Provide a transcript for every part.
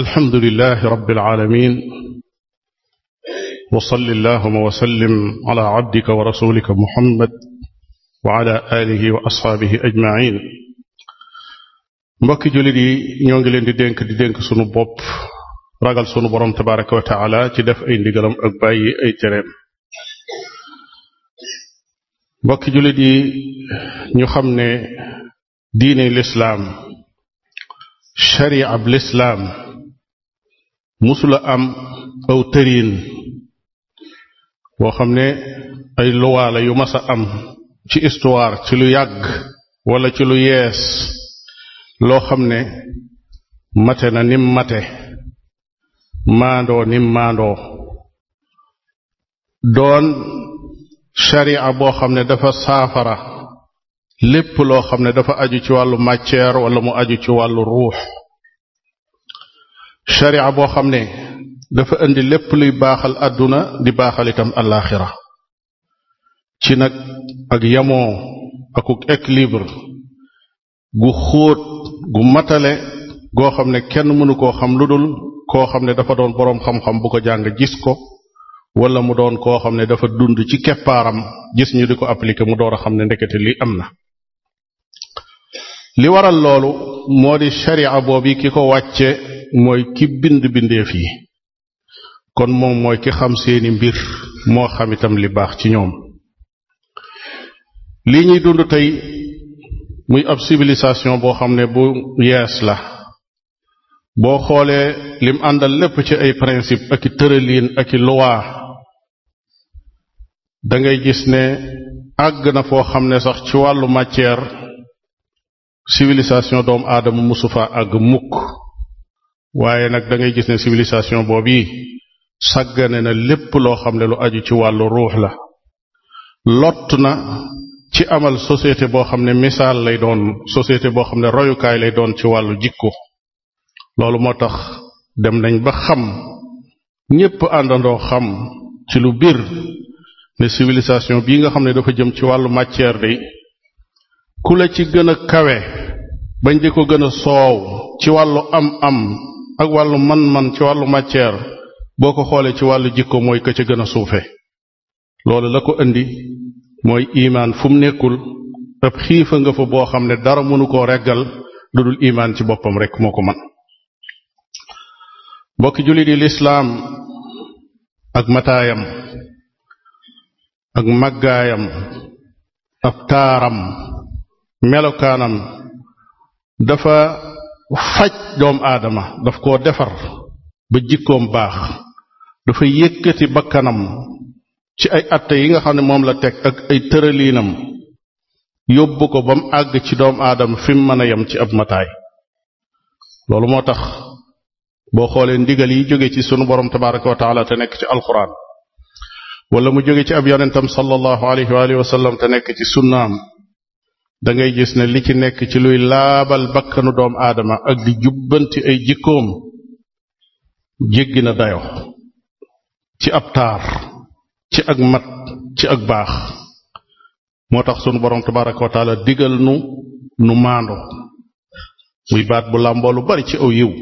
alhamdulilah rabbil aalamiin wa salli allaahumma wa sallim alaa abdika wa rasuulika muhammad wa alaa aalihi wa asxaabihi ajmaiin mbokki jullit yi ñoo ngi leen di dénk di dénk sunu bopp ragal sunu borom tabaaraka wa taala ci def ay ndigalam ak bàyyi ay tereem mbokki jullit yi ñu xam ne diine lislaam sharia ab lislaam mësula am aw tëriin boo xam ne ay luwaala yu mas am ci histoire ci lu yàgg walla ci lu yees loo xam ne mate na nim mate maandoo nim maandoo doon sharia boo xam ne dafa saafara lépp loo xam ne dafa aju ci wàllu matière walla mu aju ci wàllu ruux sharia boo xam ne dafa indi lépp luy baaxal àdduna di baaxal itam alaaxira ci nag ak yamoo akuk équilibre gu xóot gu matale goo xam ne kenn mënu koo xam lu dul koo xam ne dafa doon boroom xam-xam bu ko jàng gis ko walla mu doon koo xam ne dafa dund ci keppaaram gis ñu di ko appliquer mu door a xam ne ndekete lii am na li waral loolu moo di sharia boobu ki ko wàcce mooy ki bind bindeef yi kon moom mooy ki xam seeni mbir moo xam itam li baax ci ñoom lii ñuy dund tey muy ab civilisation boo xam ne bu yees la boo xoolee lim àndal lépp ci ay principe ak i tërëliin ak i loi dangay gis ne àgg na foo xam ne sax ci wàllu matière civilisation doomu aadama mosu fa àgg mukk waaye nag dangay gis ne civilisation boobu yi sàggane na lépp loo xam ne lu aju ci wàllu ruux la lott na ci amal société boo xam ne misaal lay doon société boo xam ne royukaay lay doon ci wàllu jikko loolu moo tax dem nañ ba xam ñépp àndandoo xam ci lu biir ne civilisation bii nga xam ne dafa jëm ci wàllu matière day ku la ci gën a kawe bañ di ko gën a soow ci wàllu am am ak wàllu man-man ci wàllu matière boo ko xoolee ci wàllu jikko mooy ka ca gën a suufe loolu la ko indi mooy imaan fu mu nekkul ab xiifa nga fa boo xam ne dara mënu koo reggal lu dul imaan ci boppam rek moo ko man mbokki jullit yi lislaam ak mataayam ak maggaayam ab taaram melokaanam dafa faj doomu aadama daf koo defar ba jikkoom baax dafa yëkkati bakkanam ci ay atte yi nga xam ne moom la teg ak ay tëraliinam yóbbu ko ba mu àgg ci doomu aadama fi mu mën a yem ci ab mataay loolu moo tax boo xoolee ndigal yi jóge ci sunu borom tabaraka wa taala te nekk ci alquran wala mu jóge ci ab yonentam sallallahu alayhi wa alihi wa sallam te nekk ci sunnaam da gis ne li ci nekk ci luy laabal bakkanu doom aadama ak di jubbanti ay jikkoom jéggi na dayo ci ab taar ci ak mat ci ak baax moo tax sunu boroom tabaraka digal nu nu maando muy baat bu làmboo lu bari ci aw yiw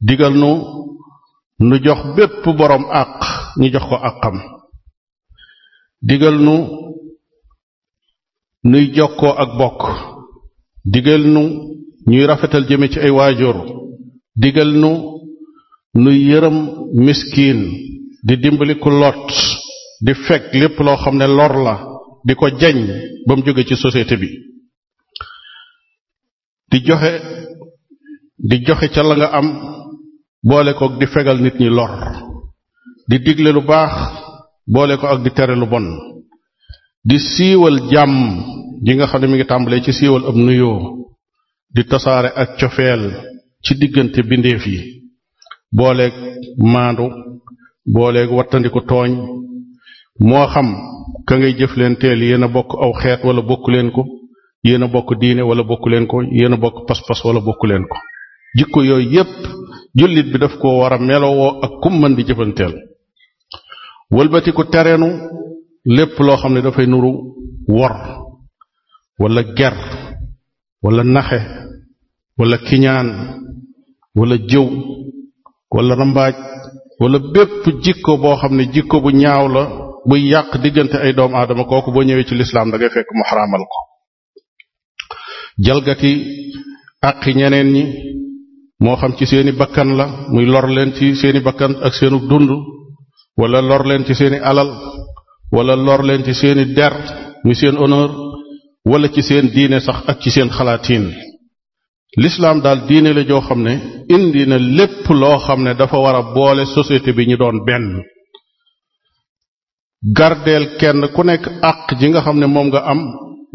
digal nu nu jox bépp boroom àq ñu jox ko àqam digal nu nuy jokkoo ak bokk digal nu ñuy rafetal jëme ci ay waajur digal nu nuy yërëm miskin di dimbaliku lot di fekk lépp loo xam ne lor la di ko jañ ba mu jóge ci société bi di joxe di joxe ca la nga am boole ko ak di fegal nit ñi lor di digle lu baax boole ko ak di tere lu bon di siiwal jàmm ji nga xam ne mi ngi tàmbalee ci siiwal ab nuyoo di tasaare ak cofeel ci diggante bindeef yi booleeg maandu booleeg wattandiku tooñ moo xam ka ngay jëf leen teel yéen a bokk aw xeet wala bokku leen ko yéen a bokk diine wala bokku leen ko yéen a bokk pas-pas wala bokku leen ko jikko yooyu yépp jullit bi daf ko war a melowoo ak kum mën jëfanteel wëlbatiku tereenu lépp loo xam ne dafay nuru wor wala ger wala naxe walla kiñaan walla jëw wala rambaaj wala bépp jikko boo xam ne jikko bu ñaaw la buy yàq diggante ay doomu aadama kooku boo ñëwee ci lislaam da ngay fekk mu ko jalgati ñeneen ñi moo xam ci seeni bakkan la muy lor leen ci seeni bakkan ak seenu dund wala lor leen ci seeni alal wala lor leen ci seeni der muy seen honneur wala ci seen diine sax ak ci seen xalaatiin lislaam daal diine la joo xam ne indi na lépp loo xam ne dafa war a boole société bi ñu doon benn gardeel kenn ku nekk àq ji nga xam ne moom nga am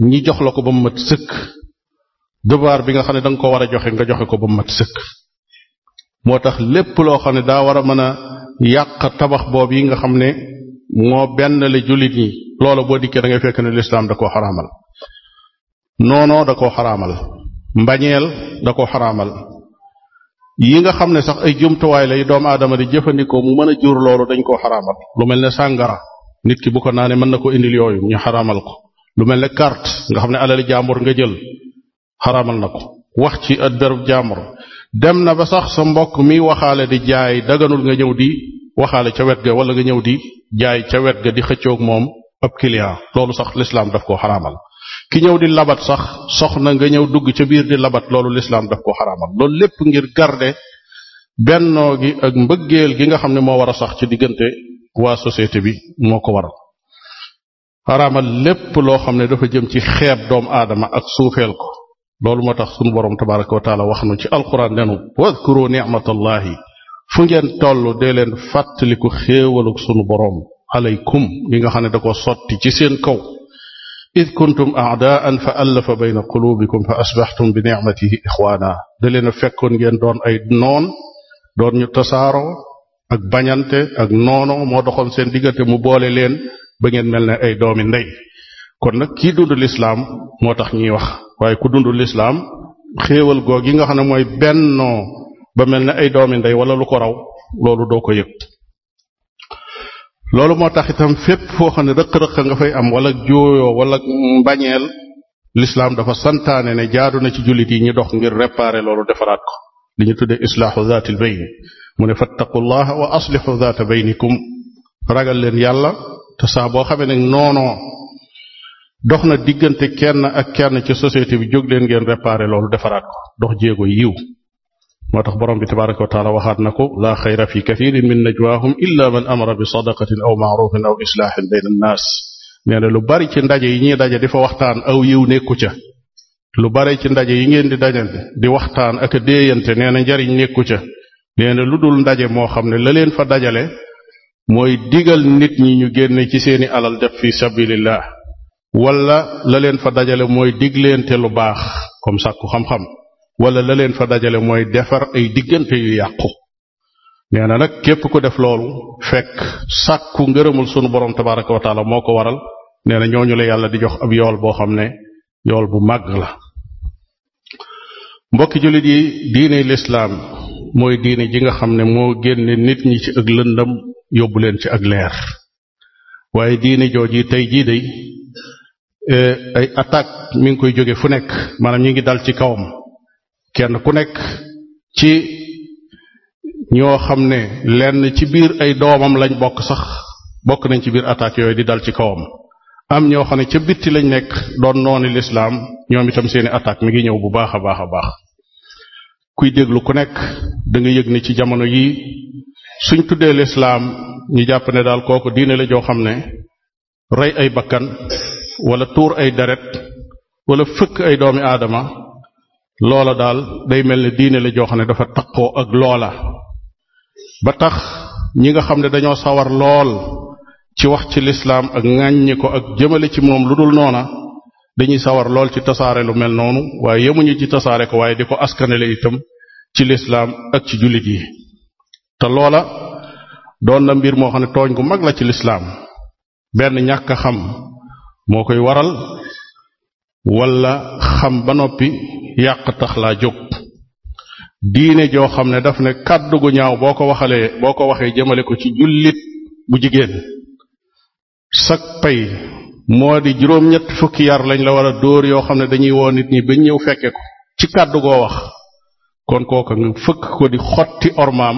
ñi jox la ko ba mu mat sëkk devoir bi nga xam ne danga ko war a joxe nga joxe ko ba mu mat sëkk moo tax lépp loo xam ne daa war a mën a yàq tabax boobu yi nga xam ne moo benn la jullit ñi loola boo dikkee da ngay fekk ne lislaam da koo xaraamal noonoo da koo xaraamal mbañeel da koo xaraamal yi nga xam ne sax ay jumtuwaay lay doomu adama di jëfandikoo mu mën a jur loolu dañ koo xaraamal lu mel ne sàngara nit ki bu ko naanee mën na koo indil yooyu ñu xaraamal ko lu mel ne carte nga xam ne alali jàmbur nga jël xaramal na ko wax ci at derub jàmbur dem na ba sax sa mbokk mi waxaale di jaay daganul nga ñëw di waxaale ca wet ga wala nga ñëw di jaay ca wet ga di xëccoog moom ab client loolu sax lislaam daf koo xaraamal ki ñëw di labat sax soxna nga ñëw dugg ca biir di labat loolu lislaam daf ko xaraamal loolu lépp ngir garder bennoo gi ak mbëggeel gi nga xam ne moo war a sax ci diggante waa société bi moo ko waral xaraamal lépp loo xam ne dafa jëm ci xeeb doomu aadama ak suufeel ko loolu moo tax sunu borom tabaraka wa taala wax nu ci alquran nenu wadkuru ni'matallahi fu ngeen toll de leen fàttaliku xéewaluk sunu boroom alaykum li nga xam ne da ko sotti ci seen kaw id kuntum aadaan fa allafa bayna qulubikum fa asbaxtum bi nicmatihi ixwaana da leen a fekkoon ngeen doon ay noon doon ñu tasaaroo ak bañante ak noono moo doxoon seen diggante mu boole leen ba ngeen mel ne ay doomi ndey kon nag kii dund lislaam moo tax ñuy wax waaye ku dund lislaam xéewal goog yi nga xam ne mooy bennoo ba mel na ay doomi ndey wala lu ko raw loolu doo ko yëg loolu moo tax itam fépp foo xam ne rëq-rëq nga fay am wala jooyoo wala mbañeel lislaam dafa santaane ne jaadu na ci jullit yi ñu dox ngir réparer loolu defaraat ko li ñu tuddee islaaxu zaatil bayn mu ne fattaqullaha wa aslixu zaata baynikum ragal leen yàlla te saa boo xamee ne noonoo dox na diggante kenn ak kenn ci société bi jóg leen ngeen réparer loolu defaraat ko dox jéego yiw moo tax borom bi tabaraka waxaat na ko laa xayra fi kathirin min najwaahum illa man amara bi sadaqatin aw maarufin aw islaahin bayna annaas nee na lu bari ci ndaje yi ñuy daje di fa waxtaan aw yiw nekku ca lu bari ci ndaje yi ngeen di dajante di waxtaan ak a déeyante nee na njariñ nekku ca nee na lu dul ndaje moo xam ne la leen fa dajale mooy digal nit ñi ñu génne ci seeni alal def fi sabilillah walla la leen fa dajale mooy digleente lu baax comme sàkku xam wala la fa dajale mooy defar ay diggante yu yàqu nee na nag képp ku def loolu fekk sàkku ngërëmul sunu borom tabaraka wa moo ko waral nee na ñooñu yàlla di jox ab yool boo xam ne yool bu màgg la mbokki jullit yi diine lislaam mooy diine ji nga xam ne moo génne nit ñi ci ak lëndam yóbbu leen ci ak leer waaye diine jooji tey jii day eh, ay attaque mi ngi koy jóge fu nekk maanaam ñi ngi dal ci kawam kenn ku nekk ci ñoo xam ne lenn ci biir ay doomam lañ bokk sax bokk nañ ci biir attaque yooyu di dal ci kawam am ñoo xam ne ca bitti lañ nekk doon nooni lislaam ñoom itam seeni attaque mi ngi ñëw bu baax a baax a baax kuy déglu ku nekk danga nga yëg ni ci jamono yi suñ tuddee lislaam ñu jàpp ne daal kooku diine la joo xam ne rey ay bakkan wala tuur ay deret wala fëkk ay doomi aadama loola daal day mel ne diine la joo xam ne dafa taqoo ak loola ba tax ñi nga xam ne dañoo sawar lool ci wax ci lislaam ak ŋàññi ko ak jëmale ci moom lu dul noona dañuy sawar lool ci tasaare lu mel noonu waaye yemuñu ci tasaare ko waaye di ko askanale itam ci lislaam ak ci jullit yi te loola doon na mbir moo xam ne tooñ gu mag la ci lislaam benn ñàkk xam moo koy waral wala xam ba noppi yàq tax laa jóg diine joo xam ne daf ne kàddu gu ñaaw boo ko waxalee boo ko waxee jëmale ko ci jullit bu jigéen sak pay moo di juróom-ñett fukki yar lañ la war a dóor yoo xam ne dañuy woo nit ñi bañ ñëw fekke ko ci kàddu goo wax kon kooka nga fëkk ko di xotti ormaam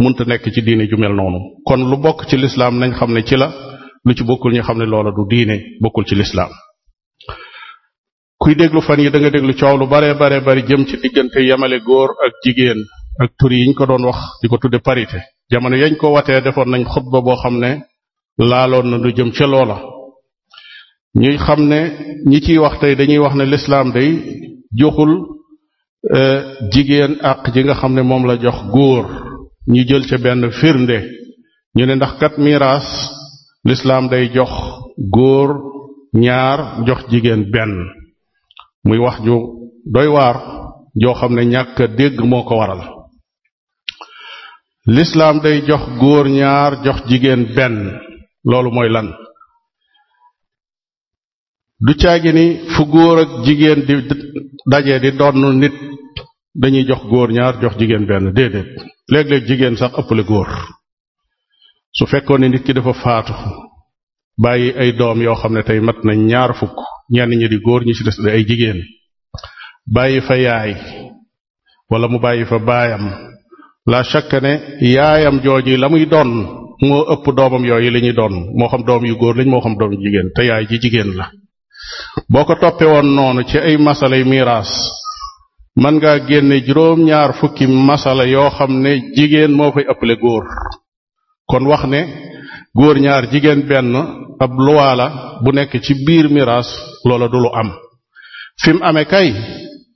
munta nekk ci diine ju mel noonu kon lu bokk ci lislaam nañ xam ne ci la lu ci bokkul ñu xam ne loola du diine bokkul ci lislaam kuy déglu fan yi da nga déglu coow lu bare bare bari jëm ci diggante yemale góor ak jigéen ak tur yi ñu ko doon wax di ko tudde parité jamono yañ ko watee defoon nañ xutba boo xam ne laaloon na lu jëm ca loola ñuy xam ne ñi ciy wax tey dañuy wax ne lislaam day joxul euh, jigéen àq ji nga xam ne moom la jox góor ñu jël ca benn firnde ñu ne ndax kat miraas lislaam day jox góor ñaar jox jigéen benn muy wax ju doy waar joo xam ne ñàkk dégg moo ko waral lislaam day jox góor ñaar jox jigéen benn loolu mooy lan du caagi ni fu góor ak jigéen di daje di donn nit dañuy jox góor ñaar jox jigéen benn déedéet léeg-léeg jigéen sax ëppale góor su fekkoon di nit dafa faatu bàyyi ay doom yoo xam ne tey mat na ñaar fukk ñenn ñi di góor ñi ci des di ay jigéen bàyyi fa yaay wala mu bàyyi fa baayam la chaque ne yaayam jooju la muy doon moo ëpp doomam yooyu lañuy doon moo xam doom yu góor lañ moo xam doom yu jigéen te yaay ji jigéen la boo ko toppee woon noonu ci ay masalay miraas mën ngaa génne juróom-ñaar fukki masala yoo xam ne jigéen moo fay ëpple góor kon wax ne góor ñaar jigéen benn ab luwaa bu nekk ci biir miraas loola du lu am fi mu amee kay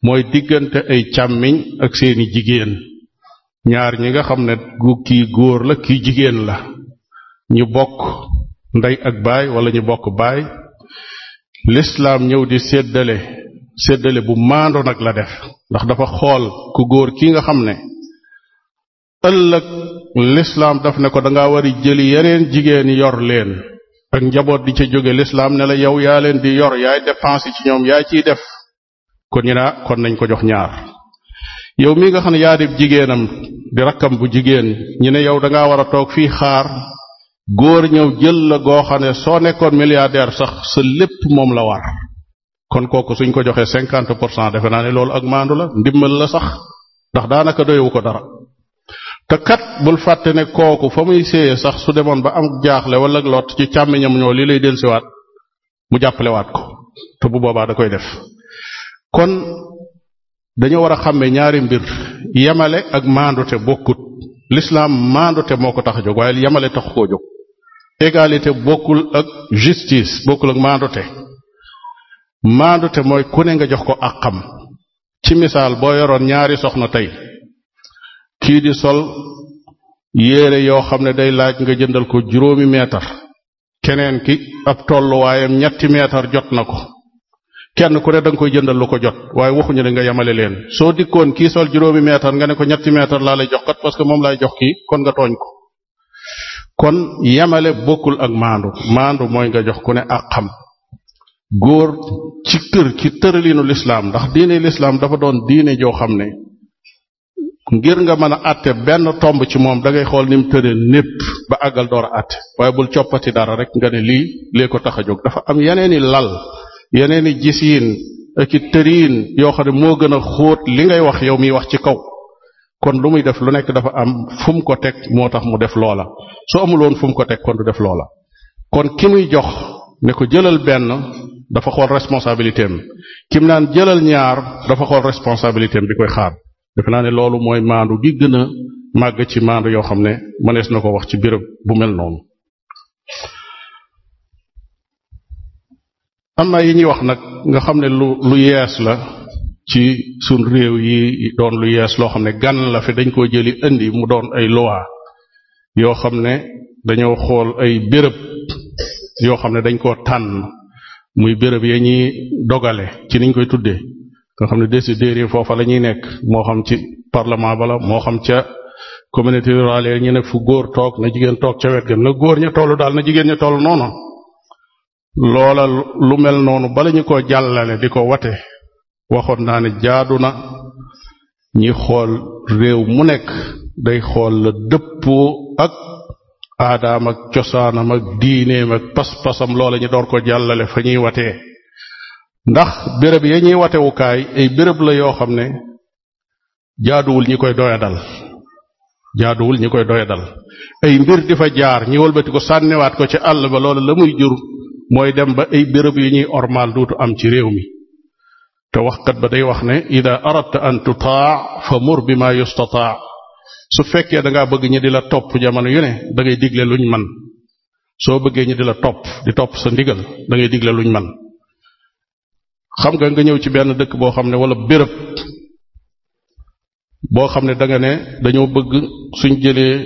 mooy diggante ay càmmiñ ak seeni jigéen ñaar ñi nga xam ne kii góor la kii jigéen la ñu bokk ndey ak baay walla ñu bokk baay lislaam ñëw di seddale seddale bu maandoo nag la def ndax dafa xool ku góor ki nga xam ne ëllëg lislaam daf ne ko danga war a jëli yeneen jigéen yor leen ak njaboot di ca jóge lislaam ne la yow yaa leen di yor yaay dépense ci ñoom yaa ciy def kon ñu naa ah, kon nañ ko jox ñaar yow mii nga xam ne yaa jigéenam di rakkam bu jigéen ñu ne yow danga war a toog fii xaar góor ñëw jël la goo xam ne soo nekkoon milliardaire sax sa lépp moom la war kon kooku suñ ko joxee cinquante pour cent defe naa ne loolu ak maandu la ndimbal la sax ndax daanaka doyewu ko dara te bul fàtte ne kooku fa muy séye sax su demoon ba am jaaxle wala lot ci càmmiñam ñoo lii lay delsiwaat mu jàppalewaat ko te bu boobaa da koy def kon dañoo war a xàmme ñaari mbir yemale ak maandute bokkut l'islam maandute moo ko tax a jóg waaye yemale tax koo jóg égalité bokkul ak justice bokkul ak maandute maandute mooy ku nga jox ko àqam ci misaal boo yoroon ñaari soxna tey kii di sol yéere yoo xam ne day laaj nga jëndal ko juróomi meetar keneen ki ab tolluwaayam ñetti meetar jot na ko kenn ku ne da nga koy jëndal lu ko jot waaye waxuñu ne nga yemale leen soo dikkoon kii sol juróomi meetar nga ne ko ñetti meetar laa jox kat parce que moom laay jox kii kon nga tooñ ko kon yemale bokkul ak maandu maandu mooy nga jox ku ne ak xam góor ci tër ci tëralinu lislaam ndax diine lislaam dafa doon diine joo xam ne ngir nga mën a àtte benn tomb ci moom dangay xool ni mu tëree népp ba àggal door a àtte waaye bul coppati dara rek nga ne lii lee ko tax a jóg dafa am yeneeni lal yeneeni gisiin ak i tëriin yoo xam ne moo gën a xóot li ngay wax yow mii wax ci kaw kon lu muy def lu nekk dafa am fu mu ko teg moo tax mu def loola su amul woon fu mu ko teg kon du def loola kon ki muy jox ne ko jëlal benn dafa xool responsabilité am kim naan jëlal ñaar dafa xool responsabilité bi koy xaar defe naa ne loolu mooy maandu gi gën màgg ci maandu yoo xam ne mënees na ko wax ci béréb bu mel noonu am na yi ñuy wax nag nga xam ne lu lu yees la ci sun réew yi doon lu yees loo xam ne gan la fi dañ koo jëli indi mu doon ay loi yoo xam ne dañoo xool ay bërëb yoo xam ne dañ koo tànn muy béréb ya ñuy dogale ci niñ koy tuddee nga xam ne décideurs yi foofa la ñuy nekk moo xam ci parlement bala moo xam ca communauté rurale yi ñu nekk fu góor toog na jigéen toog ca wet ga na góor ña tollu daal na jigéen ña toll noonu loola lu mel noonu bala ñu ko jàllale di ko wate waxoon naa ne jaadu na ñi xool réew mu nekk day xool la dëppoo ak aadaam ak cosaanam ak diineem ak pas-pasam loola ñu door ko jàllale fa ñuy watee ndax bërëb ya ñuy watewukaay ay bërëb la yoo xam ne jaaduwul ñi koy dal jaaduwul ñi koy doyadal ay mbir di fa jaar ñi wëlbati ko sànniwaat ko ci àll ba loolu la muy jur mooy dem ba ay bërëb yu ñuy ormaal duutu am ci réew mi te waxkat ba day wax ne ida aradta an tutaa fa mur bi ma yustataa su fekkee dangaa bëgg ñi di la topp jamono yu ne da ngay digle luñ man soo bëggee ñi di la topp di topp sa ndigal dangay ngay digle luñ man xam nga nga ñëw ci benn dëkk boo xam ne wala béréb boo xam ne da nga ne dañoo bëgg suñ jëlee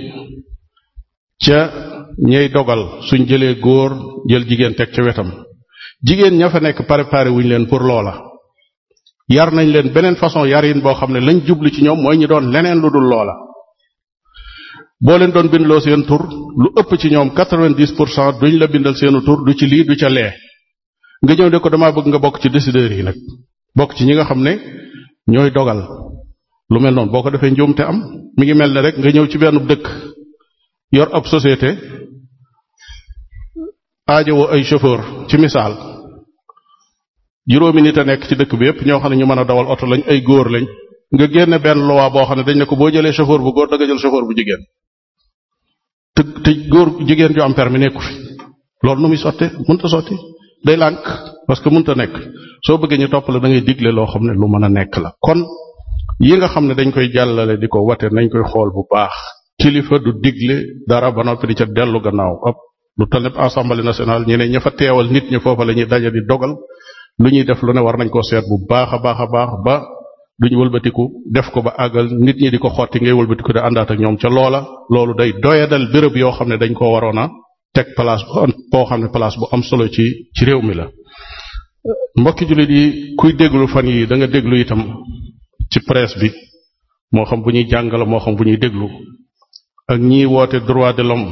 ca ñay dogal suñ jëlee góor jël jigéen teg ca wetam jigéen ña fa nekk préparé wuñ leen pour loola yar nañ leen beneen façon yarin boo xam ne lañ jublu ci ñoom mooy ñu doon leneen lu dul loola boo leen doon bindloo seen tur lu ëpp ci ñoom quatre pour cent duñ la bindal seenu tur du ci lii du ca lee nga ñëw ne ko damaa bëgg nga bokk ci décideurs yi nag bokk ci ñi nga xam ne ñooy dogal lu mel noonu boo ko defee njuumte am mi ngi mel ne rek nga ñëw ci benn dëkk yor ab société aajowoo ay chauffeur ci misaal juróomi nit a nekk ci dëkk bi yépp ñoo xam ne ñu mën a dawal oto lañ ay góor lañ nga génne benn loi boo xam ne dañ ne ko boo jëlee chauffeur bu góor da jël chauffeur bu jigéen te te góor jigéen ju am permis nekku fi loolu nu muy sotte day lànk parce que mënta nekk soo bëggee ñu topp la digle loo xam ne lu mën a nekk la kon yi nga xam ne dañ koy jàllale di ko wate nañ koy xool bu baax kilifa du digle dara ba noppi di ca dellu gannaaw ab lu tal nepp assemblée nationale ñu ne ña fa teewal nit ñi foofa la ñuy daje di dogal lu ñuy def lu ne war nañ koo seet bu baax a baax a baax ba duñ wëlbatiku def ko ba àggal nit ñi di ko xotti ngay wëlbatiku di àndaat ak ñoom ca loola loolu day doyadal béréb yoo xam ne dañ koo waroon a teg place boo xam ne place bu am solo ci ci réew mi la mbokki jullit yi kuy déglu fan yi danga déglu itam ci presse bi moo xam bu ñuy jàngale moo xam bu ñuy déglu ak ñiy woote droit de l'homme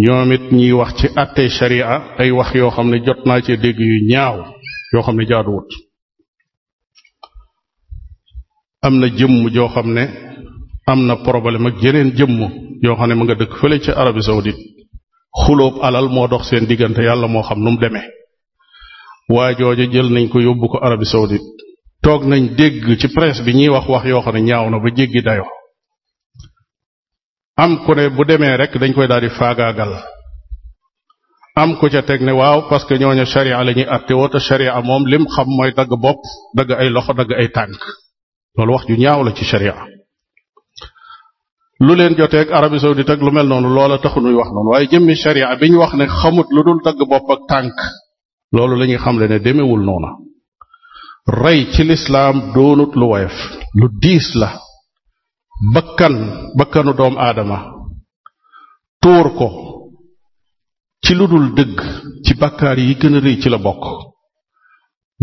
ñoom it ñiy wax ci àtte sharia ay wax yoo xam ne jot naa cee dégg yu ñaaw yoo xam ne jaaduwut am na jëmm joo xam ne am na problème ak jeneen jëmm yoo xam ne ma nga dëkk fële ci Arabie saoudite xulóob alal moo dox seen diggante yàlla moo xam nu mu demee waa jooju jël nañ ko yóbbu ko Arabie saoudite toog nañ dégg ci presse bi ñuy wax wax yoo xam ne ñaaw na ba jéggi dayo am ku ne bu demee rek dañ koy daal di faagaagal am ku ca teg ne waaw parce que ñooñu sharia la ñuy atte woote sharia moom lim xam mooy dagg bopp dagg ay loxo dagg ay tànk loolu wax ju ñaaw la ci sharia lu leen joteeg Arabie saoudite ak lu mel noonu loola taxu nuy wax noonu waaye jëmmi sharia bi ñu wax ne xamut lu dul dagg bopp ak tànk loolu lañuy ñuy xamle ne demewul noona rey ci lislaam doonut lu woyof lu diis la bakkan bakkanu doom aadama tuur ko ci lu dul dëgg ci bakkaar yi gën a rëy ci la bokk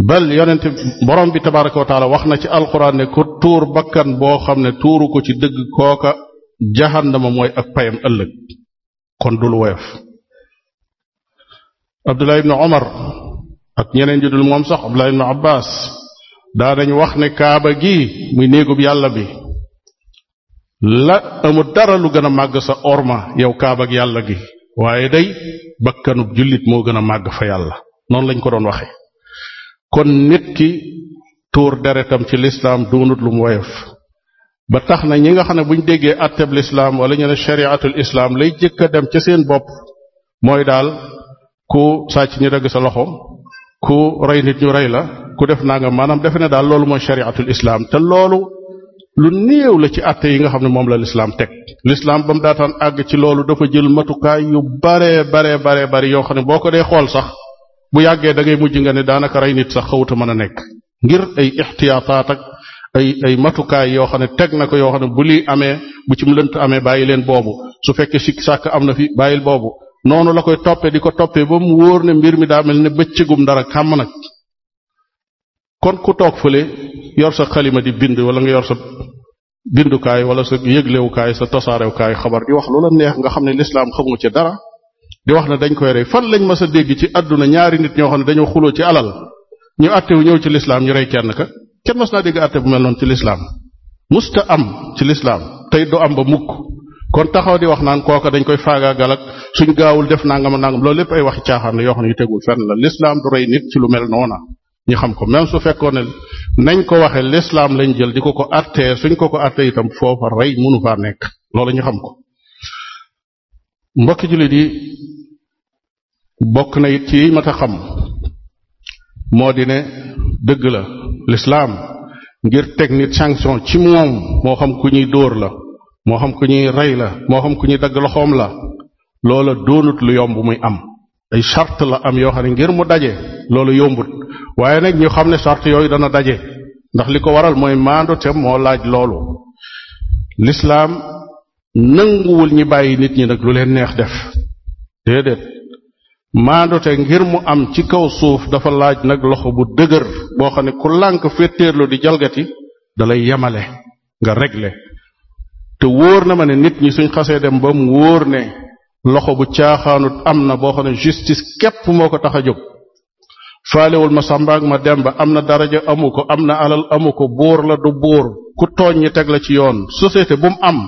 bal yonent borom bi tabaraka taala wax na ci alquran ne ko tuur bakkan boo xam ne tuuru ko ci dëgg kooka jahannama mooy ak payam ëllëg kon dul woyof Abdullah ibn Omar ak ñeneen ju dul moom sax Abdullah ibn Abbas daa dañ wax ne kaaba gi muy néegub yàlla bi la amul dara lu gën a màgg sa orma yow kaaba ak yàlla gi waaye day bakkanub jullit moo gën a màgg fa yàlla noonu lañ ko doon waxe kon nit ki tuur deretam ci lislaam doonut lu mu woyof ba tax na ñi nga xam ne buñ déggee atteb lislaam wala ñu ne chariatul islam lay jëkk a dem ca seen bopp mooy daal ku sàcc ñu dëgg sa loxo ku rey nit ñu rey la ku def naa nga maanaam defe ne daal loolu mooy chariatul islaam te loolu lu néew la ci atte yi nga xam ne moom la lislaam teg lislaam ba mu daataan àgg ci loolu dafa jël matukaay yu bare bare bare bari yoo xam ne boo ko dee xool sax bu yàggee da ngay mujj nga ne daanaka rey nit sax xawuta mën a nekk ngir ay ay matukaay yoo xam ne teg na ko yoo xam ne bu lii amee bu ci mu lënt amee bàyyi leen boobu su fekkee sikk sàkk am na fi bàyyil boobu noonu la koy toppee di ko toppee ba mu wóor ne mbir mi daa mel ne bëccëgum dara kàmm nag kon ku toog fële yor sa xalima di bind wala nga yor sa bindukaay wala sa yëglewukaay sa tasaarewukaay xabar di wax loola neex nga xam ne lislaam xamu ca dara di wax ne dañ koy rey fan lañ mas a dégg ci àdduna ñaari nit ñoo xam ne dañoo xuloo ci alal ñu àttewu ñëw ci lislaam ñu rey kenn ka kenn mas naa dégg àtte bu mel noonu ci lislaam musta am ci lislaam tey du am ba mukk kon taxaw di wax naan kooka dañ koy faagaagal ak suñ gaawul def naa nga ak nangam loolu lépp ay waxi caaxaan la yoo xam ne yu tegul fenn la lislaam du rey nit ci lu mel noona ñu xam ko même su fekkoon ne nañ ko waxee lislaam lañ jël di ko ko attee suñ ko ko attee itam foofa rey mënu faa nekk loolu ñu xam ko mbokki jullit yi bokk na it ci mata xam moo di ne la lislaam ngir teg nit sanction ci moom moo xam ku ñuy dóor la moo xam ku ñuy rey la moo xam ku ñuy dagg loxoom la loola doonut lu yomb muy am ay charte la am yoo xam ne ngir mu daje loolu yombut waaye nag ñu xam ne sart yooyu dana daje ndax li ko waral mooy maandu te moo laaj loolu lislaam nanguwul ñi bàyyi nit ñi nag lu leen neex def déedéet maandute ngir mu am ci kaw suuf dafa laaj nag loxo bu dëgër boo xam ne ku lànk féeteerlu di jalgati dalay yemale nga régler te wóor na ma ne nit ñi suñ xasee dem ba mu wóor ne loxo bu caaxaanut am na boo xam ne justice képp moo ko tax a jóg faalewul ma sàmbaag ma dem ba am na daraja amu ko am na alal amu ko buur la du buur ku tooñ ñi teg la ci yoon société bu mu am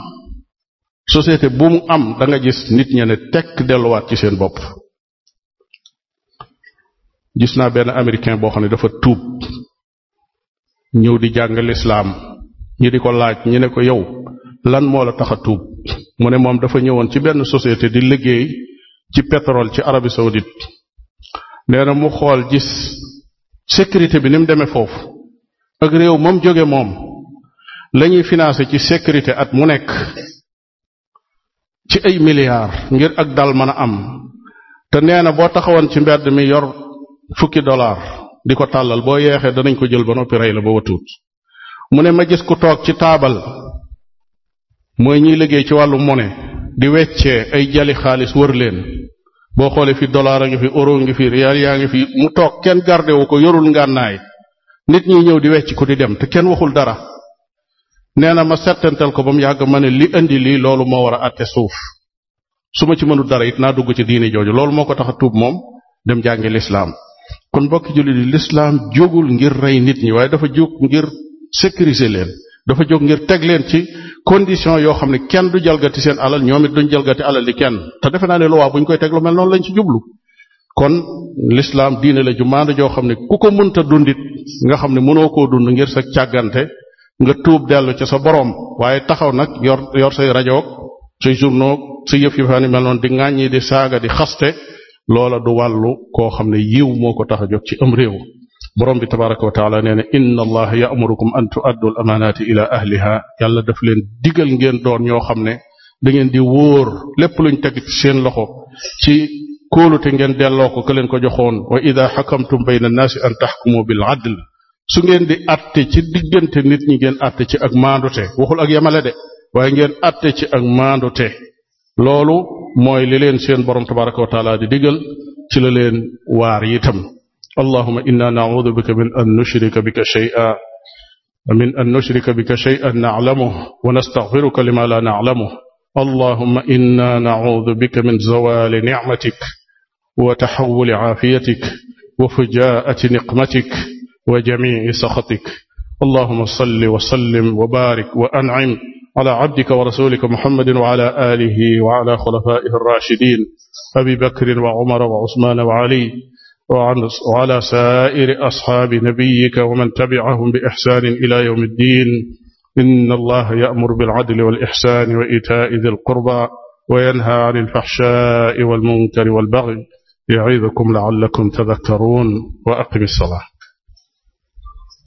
société bu mu am danga gis nit ña ne tekk delluwaat ci seen bopp gis naa benn américain boo xam ne dafa tuub ñëw di jàng lislaam ñu di ko laaj ñu ne ko yow lan moo la tax a tuub mu ne moom dafa ñëwoon ci benn société di liggéey ci pétrole ci arabi saoudite nee na mu xool gis sécurité bi ni mu demee foofu ak réew moom jóge moom lañuy financé ci sécurité at mu nekk ci ay milliards ngir ak dal mën a am te nee na boo taxawoon ci mbedd mi yor fukki dollar di ko tàllal boo yeexee danañ ko jël ba noppi rey la ba watuut mu ne ma gis ku toog ci taabal mooy ñiy liggéey ci wàllu ne di weccee ay jali xaalis wër leen boo xoolee fi dollar a ngi fi euro ngi fi rial yaa ngi fi mu toog kenn gardé wu ko yorul ngànnaay nit ñi ñëw di wecc ko di dem te kenn waxul dara nee na ma settantal ko ba mu yàgg ma ne li indi lii loolu moo war a àtte suuf su ma ci mënul dara it naa dugg ci diini jooju loolu moo ko tax a tuub moom dem jàngi lislaam kon bokki jullit yi lislaam jógul ngir rey nit ñi waaye dafa jóg ngir sécuriser leen dafa jóg ngir teg leen ci condition yoo xam ne kenn du jalgati seen alal ñoom it duñ jalgati alal li kenn te defe naa ne loi bu ñu koy teg lu mel noonu lañ ci jublu kon lislaam diine la ju maandu joo xam ne ku ko mënta dundit nga xam ne mënoo koo dund ngir sa càggante nga tuub dellu ca sa boroom waaye taxaw nag yor yor say rajoog say journaux sa yëf yi fa ni mel noonu di ŋàññi saaga di xaste loola du wàllu koo xam ne yiw moo ko tax a jox ci am réew borom bi tabaraka wa taala nee na inna allaha ya'murukum an tu'addu al amaanaati ila ahliha yàlla daf leen digal ngeen doon ñoo xam ne dangeen ngeen di wóor lépp luñ teg seen loxo ci kóolute ngeen delloo ko ka leen ko joxoon wa ida xakamtum bayna naasi an taxkumu bil adl su ngeen di atte ci diggante nit ñi ngeen atte ci ak maandute waxul ak yamale de waaye ngeen atte ci ak maandute loolu mooy li leen seen borom tabaraka wa taala di digal ci la leen waar itam allahuma inna naudu bika min an nushrika bika shay'a min an nushrika bika shay'an na'lamuhu wa nastaghfiruka lima la na'lamuhu allahuma inna naudu bika min zawali ni'matik wa tahawuli aafiyatik wa fujaati niqmatik wa jami'i sakhatik allahuma salli wa sallim wa barik wa an'im ala abdika wa rasulika muhammadin wa ala alihi wa ala xulafaa'ihi ar-raashidiin abi bakrin wa umara wa usmaana wa ali wa ala saa'iri asxaabi nabiyyika wa man tabi'ahum bi ixsaanin ilaa yawmi ddiin inna allaha ya'muru bil adli wal ixsaani wa iitaa'i dil qurbaa wa yanhaa anil faxshaa'i wal munkari wal bagyi ya'idukum la'allakum tadakkaruun wa aqimis salaah